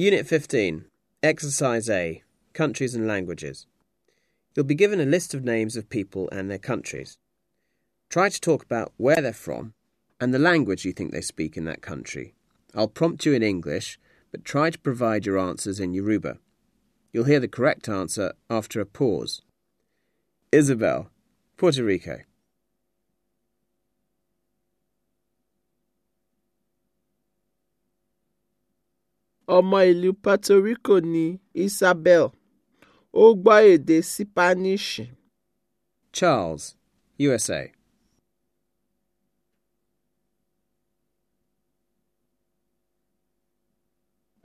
Unit 15, Exercise A Countries and Languages. You'll be given a list of names of people and their countries. Try to talk about where they're from and the language you think they speak in that country. I'll prompt you in English, but try to provide your answers in Yoruba. You'll hear the correct answer after a pause. Isabel, Puerto Rico. ọmọ ìlú puerto rico ní isabel ó gbọ́ èdè sípáníìṣì. charles usa.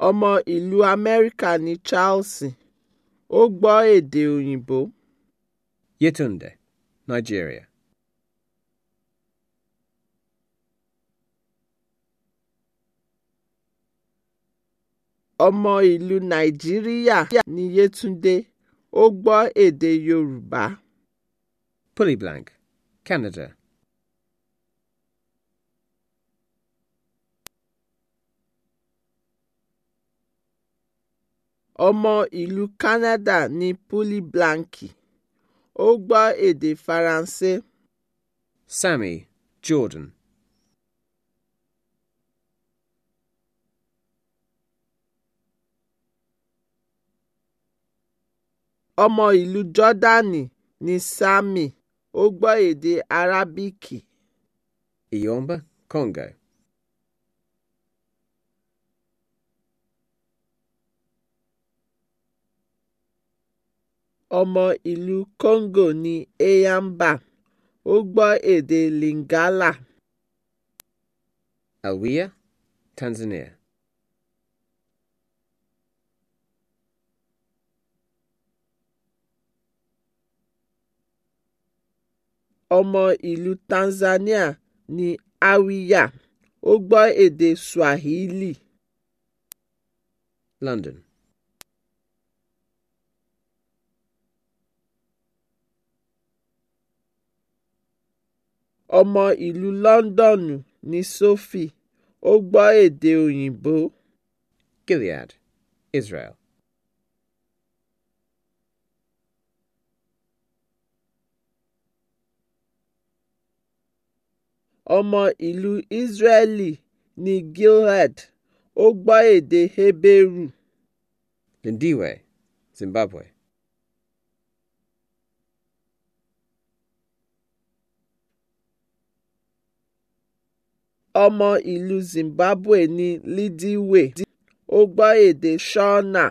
ọmọ ìlú amẹ́ríkà ní charles ó gbọ́ èdè òyìnbó. yetunde nigeria. ọmọ ìlú nàìjíríà ni yétúndé ó gbọ́ èdè yorùbá. Pully blank, Canada. ọmọ ìlú Canada ní Pully Blanky ó gbọ́ èdè Faransé. Sammy, Jordan. Ọmọ ìlú Jọdani ni Sámì, ó gbọ́ èdè Arábíìkì. Ìyomba Kongo Ọmọ ìlú Congo ni Ayamba, ó gbọ́ èdè Lingala. Harare, Tanzania. ọmọ ìlú Tanzania ní Harwiya, ó gbọ́ èdè Swahili. London. Ọmọ ìlú Lọ́ńdọ̀nù ni Sophie, ó gbọ́ èdè Òyìnbó. Gilead, Israel. ọmọ ìlú Israeli ní Gilead, ó gbọ́ èdè Hébérù. Lindiwe, Zimbabwe. Ọmọ ìlú Zimbabwe ni Lindiwe, ó gbọ́ èdè Ṣọ́nà.